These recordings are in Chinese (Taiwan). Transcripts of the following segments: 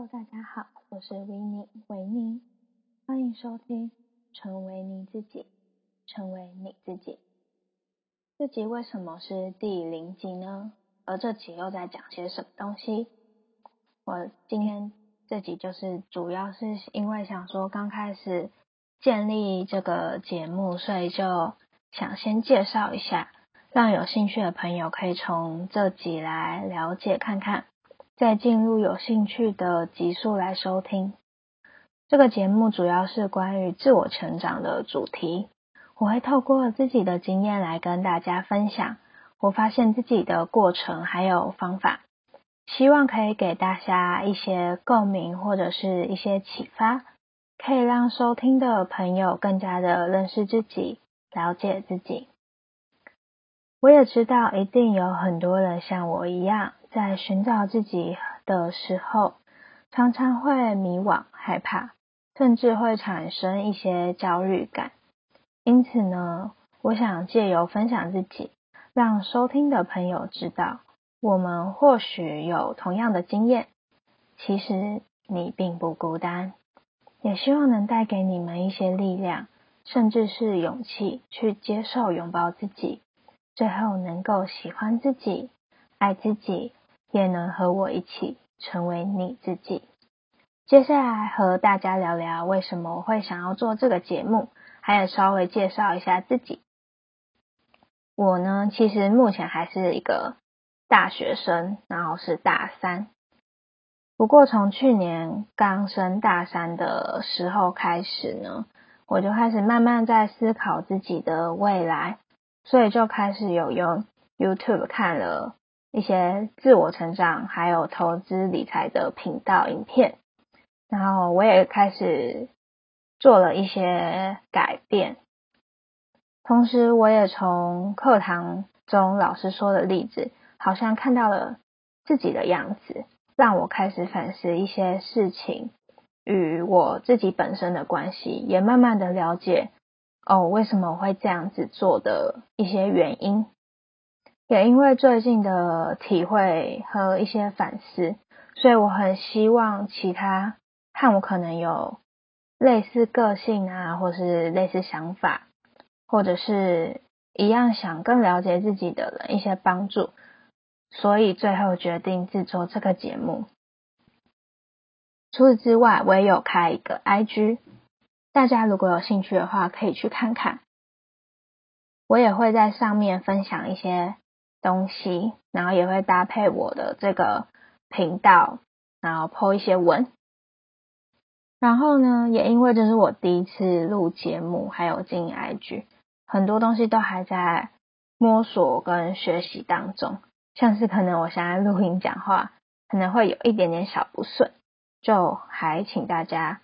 哈囉，大家好，我是 Winnie 維尼，歡迎收聽《成為你自己》，成為你自己。這集為什麼是第零集呢？而這集又在講些什麼東西？我今天這集就是主要是因為想說，剛開始建立這個節目，所以就想先介紹一下，讓有興趣的朋友可以從這集來了解看看。再進入有興趣的集數來收聽。這個節目主要是關於自我成長的主題，我會透過自己的經驗來跟大家分享，我發現自己的過程還有方法，希望可以給大家一些共鳴或者是一些啟發，可以讓收聽的朋友更加的認識自己、了解自己。我也知道一定有很多人像我一樣。在尋找自己的時候，常常會迷惘、害怕，甚至會產生一些焦慮感。因此呢，我想借由分享自己，讓收聽的朋友知道，我們或許有同樣的經驗。其實你並不孤單，也希望能帶給你們一些力量，甚至是勇氣去接受、擁抱自己，最後能夠喜歡自己、愛自己。也能和我一起成為你自己。接下來和大家聊聊為什麼我會想要做這個節目，還有稍微介紹一下自己。我呢，其實目前還是一個大學生，然後是大三。不過從去年剛升大三的時候開始呢，我就開始慢慢在思考自己的未來，所以就開始有用 YouTube 看了。一些自我成長還有投資理財的頻道影片，然後我也開始做了一些改變，同時我也從課堂中老師說的例子，好像看到了自己的樣子，讓我開始反思一些事情與我自己本身的關係，也慢慢的了解哦，為什麼我會這樣子做的一些原因。也因為最近的體會和一些反思，所以我很希望其他和我可能有類似個性啊，或是類似想法，或者是一樣想更了解自己的人一些幫助，所以最後決定製作這個節目。除此之外，我也有開一個 IG，大家如果有興趣的話，可以去看看。我也會在上面分享一些。東西，然後也會搭配我的這個頻道，然後 po 一些文。然後呢，也因為這是我第一次錄節目，還有經營 IG，很多東西都還在摸索跟學習當中，像是可能我現在錄音講話可能會有一點點小不順，就還請大家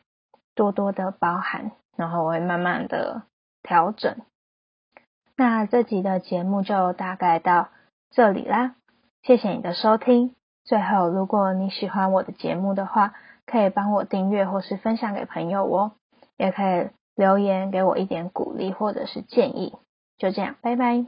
多多的包涵，然後我會慢慢的調整。那這集的節目就大概到這裡啦，謝謝你的收聽。最後，如果你喜歡我的節目的話，可以幫我訂閱或是分享給朋友哦，也可以留言給我一點鼓勵或者是建議。就這樣，拜拜。